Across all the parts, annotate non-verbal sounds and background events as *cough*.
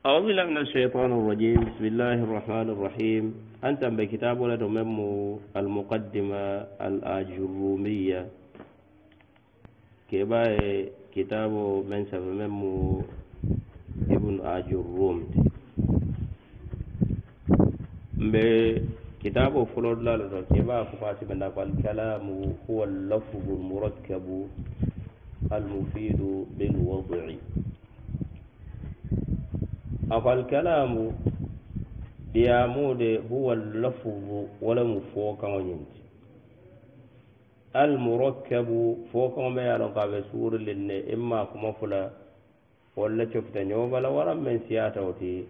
أعوذ بالله من الشيطان الرجيم بسم الله الرحمن الرحيم أنت بكتاب ولد تمم المقدمة الأجرومية كيبا كتاب من سبمم ابن أجروم كتاب فلود لا كيبا كفاسي من الكلام هو اللفظ المركب المفيد بالوضع afal kalamu ɗiyamude huwa llafzu wolemu fookaŋo ñinti almurakkabu fookaŋo ma yaaloŋ ka ɓe suurilin ne imma kuma fula walla cofita ñoobala waran men siyatawo ti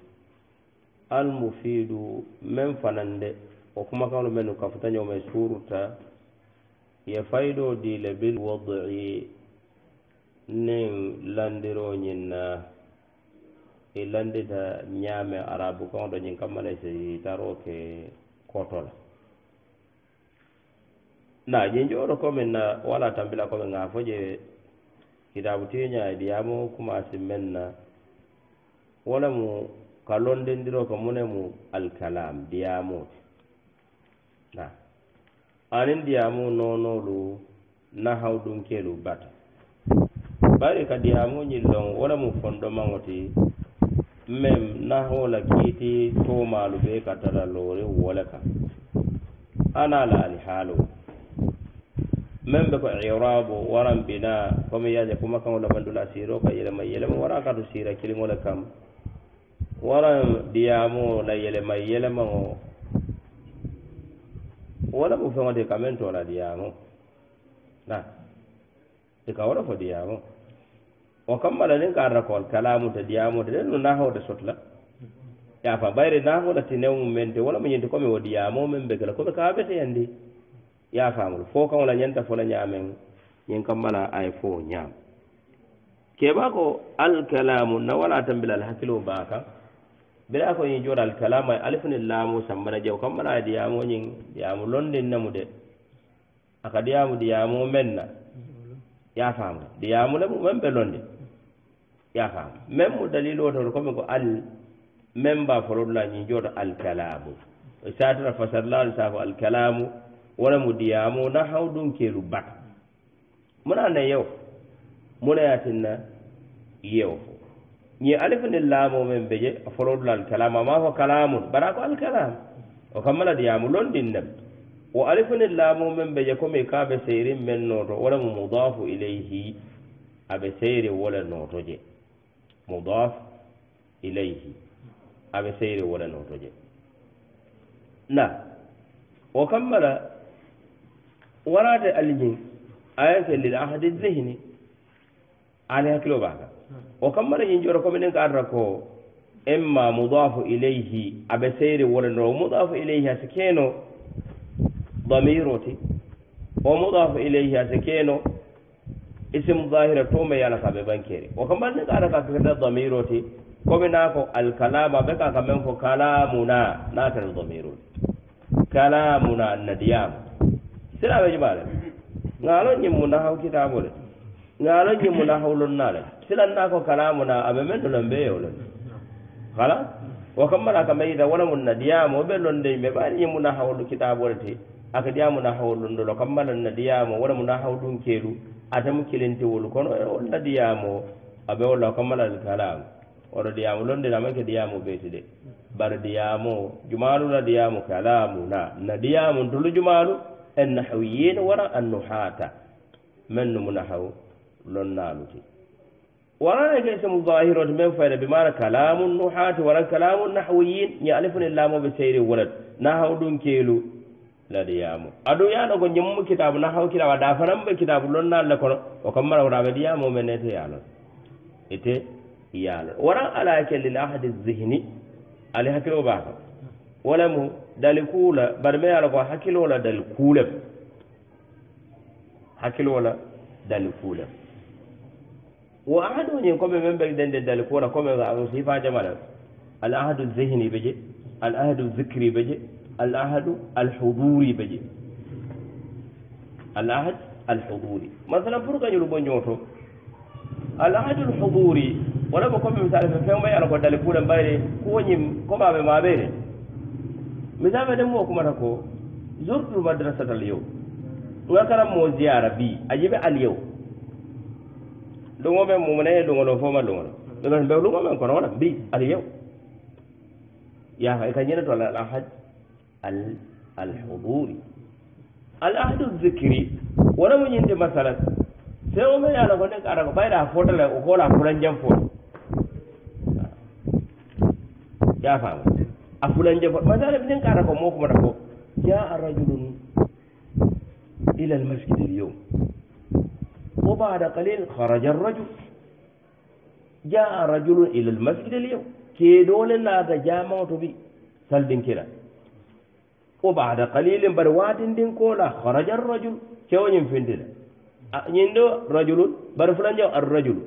almufiidu men fanande o kuma kaŋlu men nu kafuta ñoome suururta ye faydoo diile bilwadi niŋ landiroo ñinnaa i e landita ñaame arabu kaŋo ɗo ñiŋ kamma na sitaro ke koto la na ñinjooɗo komin na wala tambila komin ŋa fo je kitabu tiña diyamo e kumasi men na wolemu ka londindiro ko munemu alkalam diyamote na anin diyamu noonolu na haw ɗum kelu bata bari ka diyamu ñilloŋ wolemu fondomaŋo ti meme nahola kiti tomalu be katara lore wole kam ana laani haalo meme ɓe ko irabu waran bina komi yaje kuma kaŋo labandula siro ka yelema yelema wara kato sira kiliŋole kam waran diyamo la yelema yelemaŋo wala mu feŋo ti kamen tona diyamo na ika wala fo diyamo o kammala nden ko arna kool kalamude ndiyamude nden no nahoode sotla yafa ɓayre nahoode ti new mumen de wala mo ñinde komi wo ndiyamo men begala komi kaɓete yandi yafamol fo kamola ñanta fola ñamen ñin kammala ay fo ñaam keɓa ko alkalamu na wala tambila alhakilo ba kan bila ko ñin jooɗa alkalamu ay alifni laamu sambana jeew kammala ay ndiyamo ñin ndiyamu londin namu de aka ndiyamu ndiyamo men na yafamol ndiyamule mumen ɓe londin yaka même mo dalil oto to komi ko al même mba folodulañi jooto alkalamu satara fasarlaali sako alkalamu wona mo diyamo na haw ɗum keelu bata mona na yeo monayatinna yeo fo ñi alifani laamo men beje folodula alkalamu ama ko kalamun bara ko alkalamu o kammala diyamu londin nem o alifani laamo men beje komi kaɓe seyrin men noto wona mo mudafu ilayhi aɓe seyri wole notoje mudaf ilayhi aɓe seyre wonanoto je na wo kammala warade alijin ayate lil ahadi zehni ani hakkilo baka wo kammala yin joro komi nen ko arra ko imma mudafu ilayhi aɓe seyre wonano mudafu ilayhi ha sikeno damiroti o mudafu ilayhi ha sikeno isim zahira to me yana kaɓe bankere wo kamba ka kaata ka kakata damiro ti komi na ko kalama be ka ka men ko kalamuna na ta damiro kalamuna nadiyam sira be jibale ngalo nyi mu na haw kitabo le ngalo nyim mu ha ulun na le sira na ko kalamuna abe men dolon be le kala wa kan na ka me ida wala mun nadiyam o be de me ba nyim mu ha ulun kita bole ti aka ɗiyamu nahawolondolo kammalanna ɗiyamo wonamu nahaw ɗum keelu atamu kelentewol kono e wolla ɗiyamo aɓe wolla kammalal kalam oɗo ɗiyamo londinamake ɗiyamo ɓeyte de bar ɗiyamo jumalu la ɗiyamo kalamu na na ɗiyamo tolu jumalu en nahaw yeene wara annu haata men numu nahaw lonnaluti warana ke semu dahirote men fayda e be mana kalamu nuhaati waran kalamu nahawyin ñi alifunen laamoɓe seyre wolat nahaw ɗum keelu ladiyamu aɗum yanogo ñammu kitabu na haw kitabu ada fanamɓe kitabu lonna alla kono o kam mara wotaɓe ɗiyamu mene to yalon ete yalon waran ala kelli lahadi zihni ali hakkilo bakam walamu dali kuula barme yala ko hakkilola dali kuulem hakkilola dali kuulem wo ahadoñin komɓe men ɓe dende dali kuula komme sifa jamala al ahadu zihni ɓe je al ahadu zicri ɓe je الاحد الحضوري بجي الاحد الحضوري مثلا برغا يلو نيوتو الاحد الحضوري ولا بكم مثال في فهم يعني قد لفولا بايري كوني كما ما بيري مثال بدمو كما تكو زرت المدرسة اليوم وكرم مو زيارة بي أجيب اليوم lungo men mumune ye lungolo foma lungolo ɗumen ɓe lungo men kono wona mbi ala yew yaha e kañine to lahaj الحضور العهد الذكري من يندي مثلا سيو من أنا قلنا كارك بايرا فوتا لا أقول أفلان جم فوت يا فاهم أفلان جم فوت مثلا بدين كارك موك مرة جاء الرجل إلى المسجد اليوم وبعد قليل خرج الرجل جاء رجل إلى المسجد اليوم كيدون جاء موتو بي سلبين كده wo bada qalilin bari watindin kola haraja arrajul kewo ñin findida ñindo rajulun bari fulanja arrajulu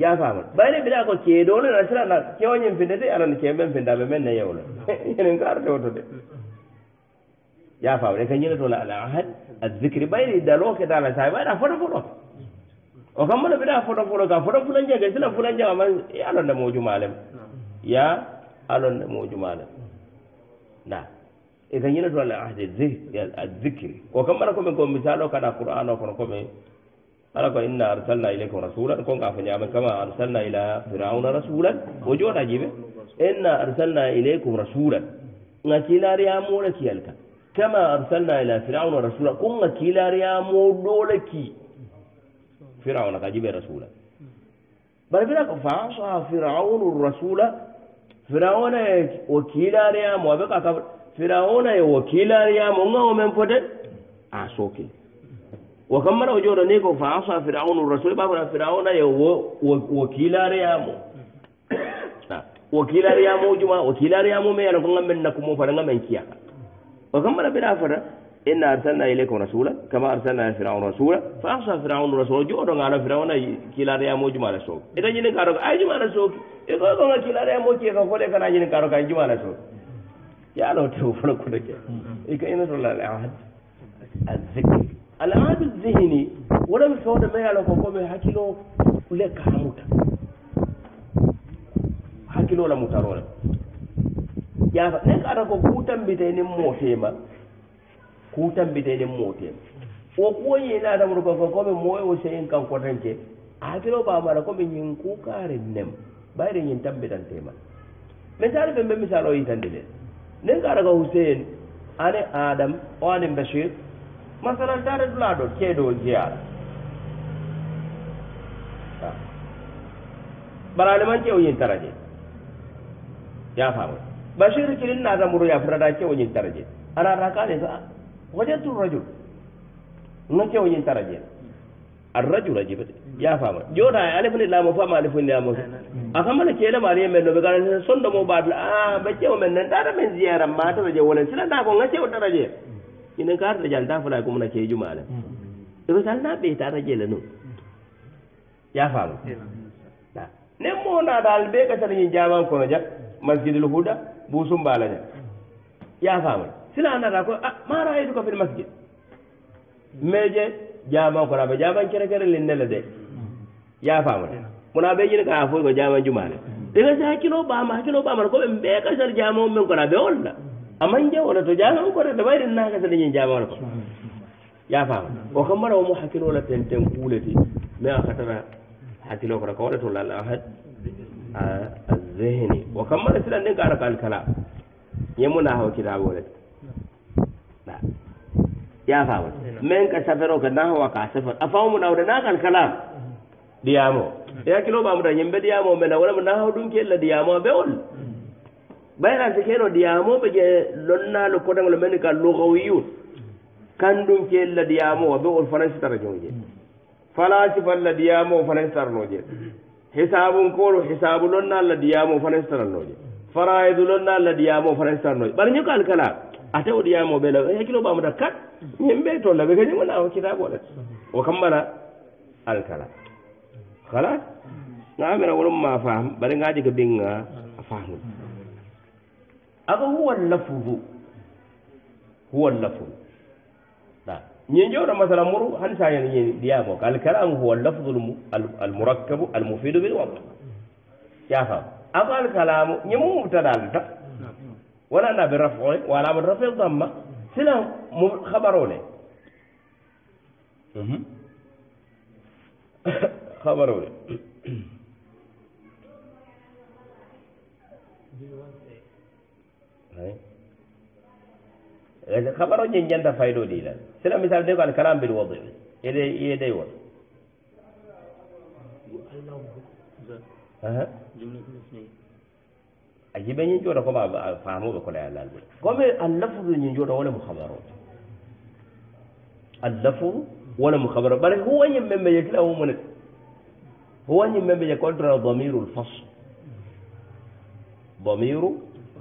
yafama bayne bila ko keedole na sira na kewo ñin finde de alani keɓen findaɓe men neyewla *laughs* enen garde woto de yafama de ka ñinatola al ahad azicri bayri dalo ke dala sa bayda foto foto o kam mana bida foto foto ka foto fulanja ga sila fulanja ma alonde mojumalem ya alonde mojumalem ndaa إذا ينا دول العهد الذكر وكم أنا كم يكون مثال كذا القرآن أو كم أنا كم إن أرسلنا إليكم رسولا كم كافني يا من كما أرسلنا إلى فرعون رسولا وجونا جيبه إن أرسلنا إليكم رسولا نكيل يا مولك يلك كما أرسلنا إلى فرعون رسولا كم نكيلار يا كي فرعون كجيبه رسولا بل بلاك فعصى فرعون الرسول فرعون وكيل أريام وبقى كبر firawuna e wakilariyama onga o men foden a sokil wo kam mara o jooɗo ni ko fa asa firawunu rasul ɓaa fota firawuna e wakilariyamo wakilariyamo ujuma wakilariyamo me yana ko ngam men nakkumo fata ngam men kiyaka wo kam mara ɓeɗa fota inna arsalna ilaykum rasula kama arsalna firawun rasula fa asa firawunu rasul o jooɗonga ala firawuna kilariyamo ujuma ala sooki e kañinin karoka a jumaala sooki e koy konga kilariyamo kiyaka fole kana ñinin karoka jumaala sooki yaalo tew folokodeke mm-hmm. i ka ina tol alad azicre alaadu zihini wonam fewde mayalo ko komi hakkilo lekka ha muta hakkilo la mutarole ƴaafa nek ata ko kuutambite nin mootema kuutambite nin mootema o kuwoñi naatamuru ko ko komi mooy o seyin kan kotanke hakkilo ɓamaɗa komi ñin kuukaari nem ɓayre ñin tambitantema mais taaru ɓe mbe misalo yitandi nde nenga daga hussein ane adam o anin bashir masalantare dula ɗo keɗol jeyala baraliman ke o yintara je ya famu bashir kilin nata muru ya furata ke o yintara je anata kane sa wajatu rajul nga ke o yintara jela arrajula jibete yafama jota alefni laamo fo ama alefni laamo fo mm. a famale ceele ma ariye men no ɓe gara sonndo mo baadla a ɓe cewo men nen tata men ziyara mataraje wolen silanda ko ga cewo daraje mm. inen ka arraje alta fola kumna ceejumaale ɓe mm. salna ɓeyta rajele no yafama nen monadal ɓe gasarñi jaman kono ja masjidel huda busumbala ja yafama silanata ko a mara ayduka fen masjid mais je jaman kono aɓe jaman cere kere lin nele de ya famude kono aɓe jini kaa foy ko jaman jumane ɗega sa hakkilo ɓama hakkilo ɓamata ko ɓe ɓe kasar jaman men kono aɓe olla aman jawola to jaman kono ɗe ɓayrin na kasade ñin jamano ko ya fama o kam mara omo hakkilola ten ten kuuleti mais akatara hakkilo kono ko waɗa to lalla ahad a zehni o kam mara siɗan ɗen ka ara ko alkala ñemmo na haw kitaɓolete ya ya men ka ka ka safero wa safar faamu na diamo kilo ba mu da diamo فاول من كسفر وكنا هو كسفر أفهم من أولنا كان كلام ديامو يا كيلو بامدا يمبي ديامو من lo ko هو دون كيلا ديامو بيقول بين أنتكينو ديامو بيجي لنا لكونا لمن كلغويون كان دون كيلا ديامو بيقول فرنسي ترجمه فلاسفة لا ديامو فرنسي ترجمه حساب كورو حساب لنا لا ديامو tara noje faraidu non na alla ɗiyamo farasitannoy ɓarñi ko alkala a tew ɗiyamo ɓe law e hakkilo ɓamata kat yimɓe tolla ɓe kañum na o kitaɓoɗe o kam mbaɗa alkala halas gamira wolum ma faam ɓaɗa gaji ko ɓinga a faamu aɗo huwa lafuru huwa lafuru ñeñowɗo masala muru hani sañano ñeni ɗiyamo ko alkalamu huwa lafdul almourakkabu almufidu bil wabta yafaamu أما الكلام يمو مبتدا لتا ولا أنا برفع ولا برفع الضمة سلا خبروني خبروني جن جن فايدو دي لا سلا مثال قال كلام بالوضع يدي يدي وضع ajiɓe ñin jooɗa comme a faamuɓe kola e allah alɓuri comme allafdu ñin jooɗa wona mo habaro allafdu wona mo habaro bara huwa ñin men ɓeje kila womonet huwa ñin men ɓeje kontora damiru lfasl ضمير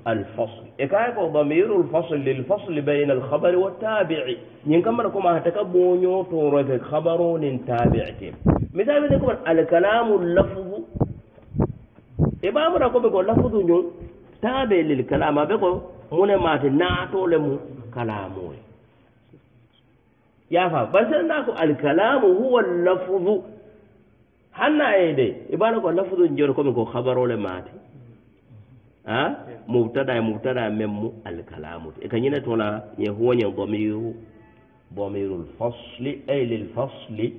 الفصل إكاكو ضمير الفصل للفصل بين الخبر والتابع ينكمل كما هتكبو نيوتو خبر تابع مثال لكم الكلام اللفظ e ɓamata koɓe ko lafudu ñol taɓe lil kalama ɓe ko mune mate naatole mu kalamoye yafa basenna ko alkalamu huwa lafudu hanna e de e ɓaɗa ko lafudu jore komi ko habarole mate a mubtada mubtada men mu alkalamu e ka ñine tona ñe huwoñen domiru domiru lfasli ey lil fasli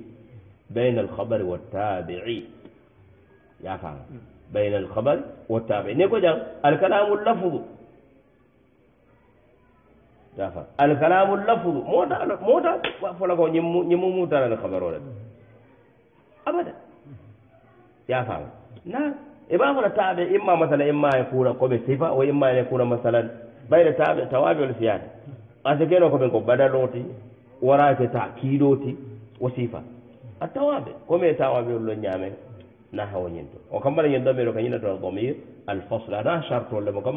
beyne alhabari wa taabii yafama bayna alkhabari wattaɓe ne ko jang alkalamu lafdu dafa alkalamu lafdu mota mota fola ko ñimmu ñimmu mutarani khabarole abada yafama na eba fola taɓe imma masala imma e kura koɓe sifa o imma ene kura masalan ɓayde taɓe tawaɓiol siyade ase keno koɓen ko badaloti warake ta kiiɗoti o sifa a tawaɓe komi tawaɓiollo ñamen نها ونيندو وكم بلا يندو ميرو كان يندو الضمير الفصل انا شرط ولا كم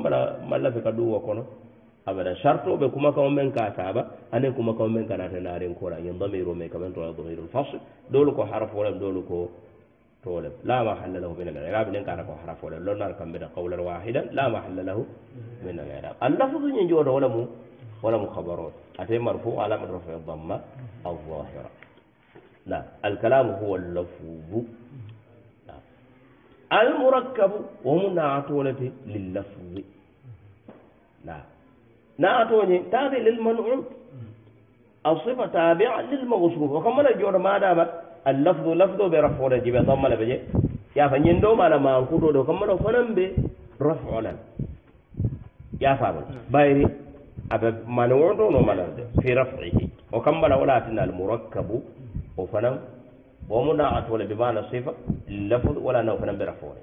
ما لا في كدو وكونو ابدا شرط بكم كم من كاتابا أنا كما كم من كان تنارين كورا يندو ميرو مي كمان تو الضمير الفصل دول كو حرف ولا دول كو تولب لا محل له من الاعراب لان كان حرف ولا لو نار كم بدا قولا واحدا لا محل له من الاعراب اللفظ ينجو ولا مو ولا مخبرات اتي مرفوع على من رفع الضمه الظاهره لا الكلام هو اللفظ al murakkabu womu naatoolete lil lafzi la naatooñe taate lil manum asifa taabia lil mausruf o kam mana jooɗo maadama al lafdu lafdo ɓe rafoode jibe sammala ɓe je yaafa ñendoo maala maankutooɗe o kam mana fanan ɓe rafo lan yaafaama bayri aɓe manuo to no manande fi rafiihi o kam mana o laatina al murakkabu o fanan ومنع ولا بمعنى صفة اللفظ ولا نوع فنبرا فوري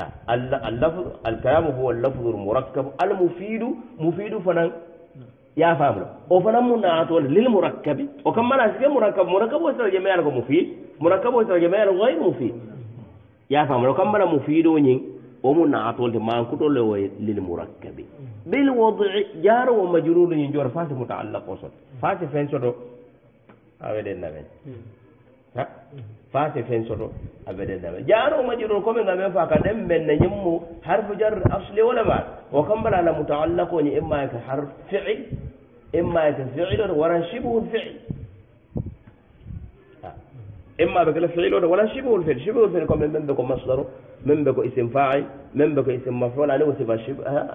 نعم اللفظ الكلام هو اللفظ المركب المفيد مفيد فنان يا فاهم لو وفنان منع ولا للمركب وكم من أسكى مركب مركب وترجمة له مفيد مركب وترجمة له غير مفيد يا فاهم وكم من مفيد ونين ومنع ولا ما أنكتوا له للمركب بالوضع جار ومجرور ينجر فاس متعلق وصل فاس فين صدق أبدا نبي fase fen soto abeden dama jaro majrur ko men ngamen fa ka dem men ne nyimmu harfu jar asli wala ba o kam bala la mutaallaqo ni imma ka harf fi'l imma ka fi'il wala shibhu fi'l imma ba kala fi'il wala shibhu fi'il shibhu fi'il ko men men be ko masdaru من بكو اسم فاعل من بكو اسم مفعول عليه وصفة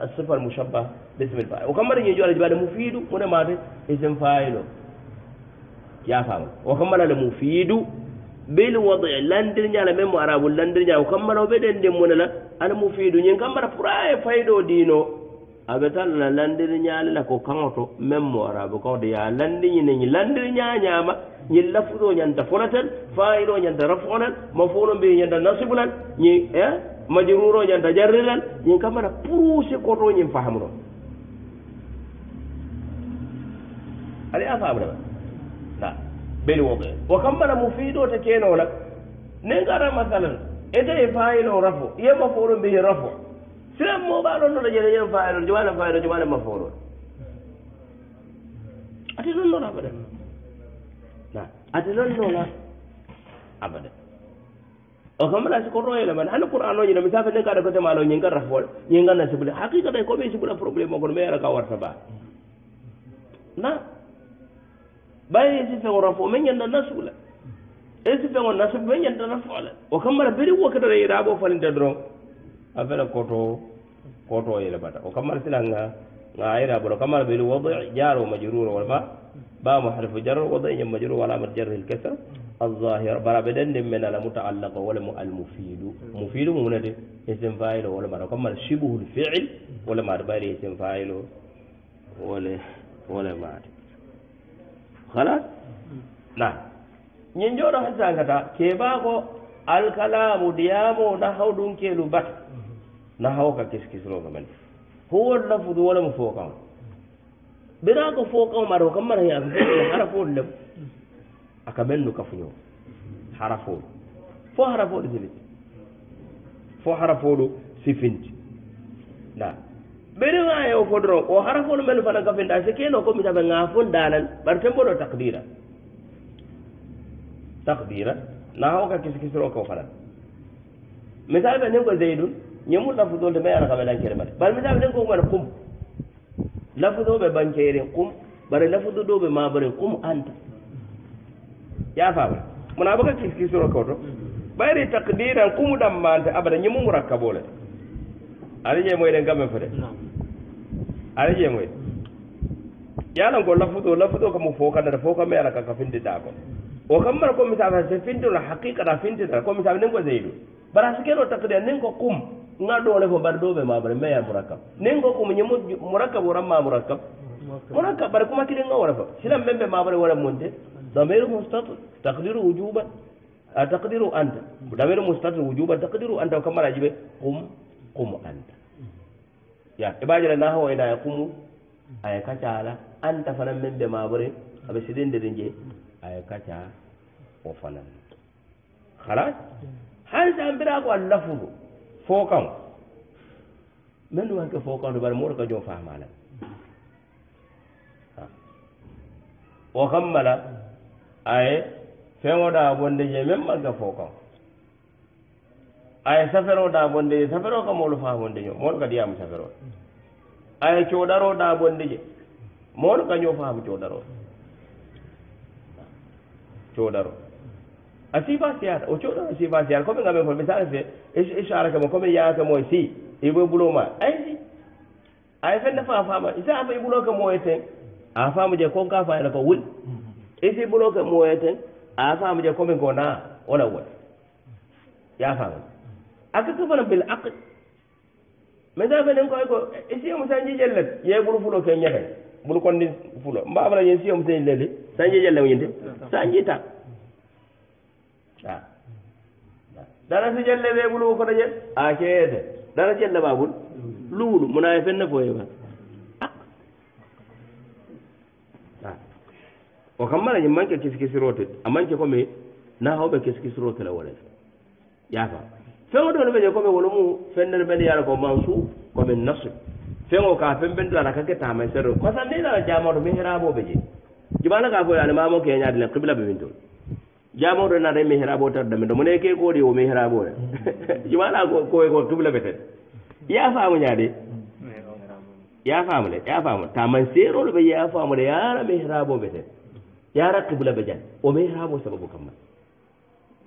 الصفة المشبهة باسم الفاعل وكم مرة يجوا الجبال مفيد ma de isim فاعله yafama o kammala le mufidu bel wadi landirñala même arabu landirña o kammala o ɓeɗen ndemmunala al mufidu ñin kammala pura e fayido dino aɓe tanana landirñale la ko kaŋoto même mo arabu kaŋoto ya landiñine ñi landirñañama ñin lafuɗo ñanta fonatan fayido ñanta rafonan ma fono mbi ñanta nasibulan ñi e eh, majruro ñanta jarrilan ñin kammala purusi koto ñin fahamuno aɗa yafamu ɗema beniwo ɓe o kam mala mo fiiɗoote keenoola nden gara masalan e dee faayiloo rafo yema fooɗo mbihi rafo silam mooɓaa ɗon noɗo jeɗe yem faayilo jowaana faayilo jowaana ma fooɗo ati non noon abada na ati non noona abada o kam mala siko royele mane hannde qouran oji no mi safe nden kaɗa cotémalo ñingan rafoole ñingan na sibule haqiqa ta e comme sibula probléme o kono mi era ka warta baa na باي يسي غرفو من يند نسولا esi feŋo nasib be ñantana fo la o kammara beri wo ketara yira bo falinte doron a fela koto koto yelebata o kammara silanga nga yira boro kammara beri wadi jar o majrur walma ba mu harfu jar wadi ñam majrur wala mat jar al kasr al zahir bara be den dem men ala mutaallaqa wala mu al mufidu mufidu mu nade isim fa'il wala mara kammara shibhu al fi'l wala ma bayri isim fa'il wala wala ma halas na ñin jooɗo hay sankata keɓaako alkalamu ɗiyamo na haw ɗum keelu bat na haw ka kiskisnoka mani howon nafudu wolamo fookam ɓiraako fookam mara o kam mara hi harafool lem aka mennu kafuño harafoolu fo harafoolu silit fo harafoolu sifinti na beri ŋa yo fo doron o harafolu menu fana gafenta si keno komi tabe ŋa fon dalan bari tembolo takdira takdira naxao ka kisikisiro ko fanan misal ɓe nin ko zeydun ñemu lafudolte mayana kame lankeremare bari misal ɓe nin kokumane kum lafudoɓe bankeyren kum bari lafudo ɗoɓe mabaren kum anta ya fabre mona boka kisikisiro koto ɓayri takdiran kumu ɗammante abada ñemu murakkabole ari ñe moyɗen gamen fo de ala yeŋoy yalan ko lafudo lafudo kamo fookandata fookamme ala kaka findiɗa ko o kammara comme sa se findiola haqiqata finditata comme sa nen ko seydou bara sikeno takdia nen ko kum ga ɗole fo mbaɗa ɗoɓe mabare meya mourakkab nen ko kum ñemo mourakkab woranma mourakkab mourakkab bara kuma kiɗen ga wara fa silan men ɓe mabare wara monde damiru mustat takdiru wujuba a takdiru anta damiru mustat wujuba takdiru anta kammaraji ɓe kum kum anta ya i ba jira na hawa ina ya kumu a ya kaca ala an ta fana min bɛ mabure a bɛ sidin dirin je a ya kaca o fana kala har sa an bira ko allah furu fokan min dun ka fokan dubar mu ka jo fa mala wa kammala aye fengo da bonde je min man ka fokan aya safero ɗabonde je safero kam molo famonde ño mon kadi yama safero aya coɗaro ɗabonde je mon kaño faham coɗaro coɗaro a sifa siyata o coɗaro a sifa siyata comme gamen fo misala fe échare mo comme yaake mo e si ibo buloma ay si aya fenne fa fama isa fa ibuloke moye ten a fama je konka fayna ko wuli isi buloke moye ten a fama je commen ko na wona wona yafama aka kafana bil aql mais sa fe nen ko ayko e siyomu sa njijel le yeɓuru fulo ke ñahe bul konni fulo mbafana ñen siyomu sa jilele sa njijel le ñinde sa njita dara si jelle ɓeɓulu ko kota jel a keete dara jelle ɓaɓul luwulu muna e fenne fo yeɓa o kam mana ñi manque kis kisirote a manque ko mais na hawɓe kis kisirotela wolel yafa feŋo doolu be je komi wolu mu fennelu melu ye a la ko mansu komi nasu feŋo ka feŋ feŋ dula a la ka ke taama serro kosa niŋ nana jaamao to miŋ hiraaboo be je jubala ka fo ani maamo ke ñaadi la kibila be min tolu jaamao to naata miŋ hiraaboo tara dami to mu ne ke koodi wo miŋ hiraaboo le jubala koye ko kibila be ten ye a faamu ñaadi ye a faamu le ye a faamu taaman seeroolu be ye a faamu le yaara a la miŋ hiraaboo be ten ye a kibila be jaŋ o miŋ hiraaboo sababu kamma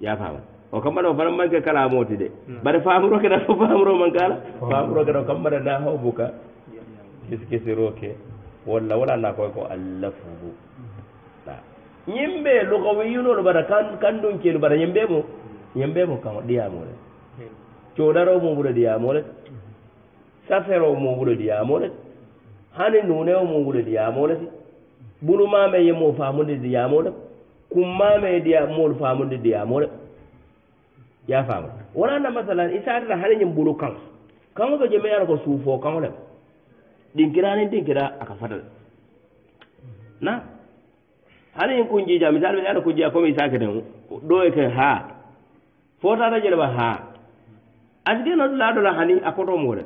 ye a faamu o kam mbaɗa o fana manque kalamoti de mbaɗa hmm. famuro ke ɗao famuro man kala *laughs* famuro ke ɗao kam mbaɗa na hawbuka kiskisiroke walla wala na koy ko allafugu ñimɓe lokowi yinolo mbaɗa kandun ceelu mbaɗa ñimɓe mo ñimɓe mo kam ɗiyamole coɗaro mo wuɗa ɗiyamole safere o mo wuɗa ɗiyamole hani nune o mo wuɗa ɗiyamole ti ɓulumame yemo famude ɗiyamole kummame ɗiya mol famude ɗiyamole yafama wonanna masalan isatata halañin bulu kan kanga ka jome yata ko suufo kan le ɗinkirani ɗinkira aka fatale na halañin kunjija misal ɓeyata kunjija comme isa keten ɗoye ke ha fotata jeleɓa ha asike nosulaɗola hani a kotomore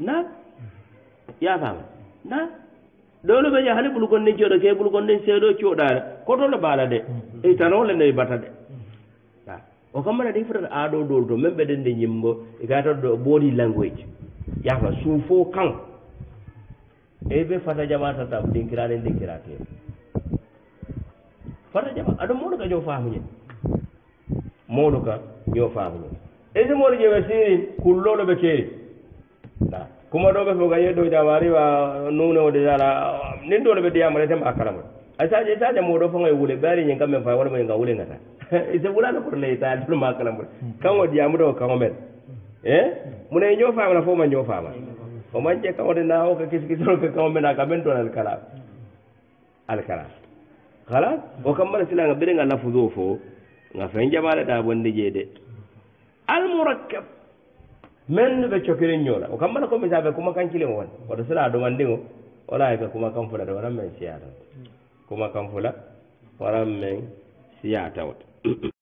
na yafama na dolo ɓeje hani ɓulukon ɗin coɗo ke ɓulukon ɗin seeɗo coɗare kotole bala de e tanole ne batade o kam mbaɗa ɗii fotata aɗo dol to min ɓeɗen de ñimmbo gatoɗo e body language yaafa suufo kan e, e ɓe fata jama tata ɗinkiraɗen ɗinkirate fata jama aɗo mawɗo ka ño famuñen mawɗo ka ño famuñen eso mawɗo ƴewe seeri kulloɗo ɓe keeri a kuma ɗo ɓe fo ka yeɗɗo jamariwa nuneo déjà la nin ɗo ɗo ɓe ɗiyama reten mba kalamoɗe asaje saje moɗo fo ngay wule ɓaari ñing kamɓe fay wonmo ñinga wulingata *laughs* ise wulano koto ley sa tono ma kala mbuɗa kango jamuɗo o kango men e mune ño famana fo ma ño fama o manje kangode na o ka kis kisoro ka kango mena kamen toon alkalam alkalam hala o kammara silanga ɓere nga nafudo fo nga fen jamale ta bonde jeede almourakkab men ɓe cokiren ñoola o kammara ko misaɓe kuma kancile mo wan oto sila domandigo wala ka kuma kamfuɗade wonan men siyatan mm. kuma kan fula faran men siya tawata